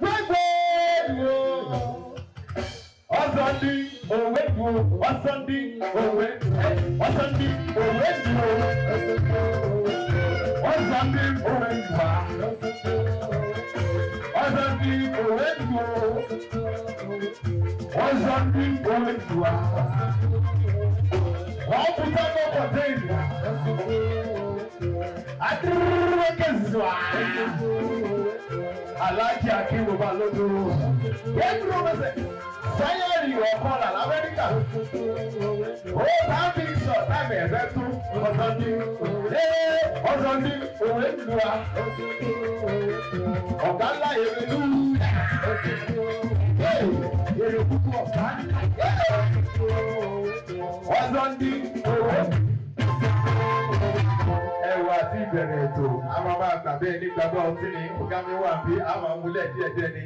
gbégbé yo ọsọndí òwe du ọsọndí òwe ọsọndí òwe du ọsọndí òwe du wa ọsọndí òwe du ọsọndí òwe du wa wọ́n kú sábà kọ̀tẹ́ ìlú àti wíwíwí kẹ́sì wa aláàjì akínrúbà lódò pétrú mẹsẹ̀ sẹ́yẹ̀rì ọ̀kọ́là lamẹ́ríkà ó tàbí sọ táìmì ẹ̀fẹ́ tú ọ̀sọ́ndí ee ọ̀sọ́ndí òwe nìlúwa ọ̀gá ńlá èrè lú èrè kúkú ọ̀gá ọ̀sọ́ndí òwe. bẹ̀rẹ̀ ètò àwọn bá àgbà ọtí ni mi wà bí àwọn amúlẹ̀ díẹ̀díẹ̀ ni.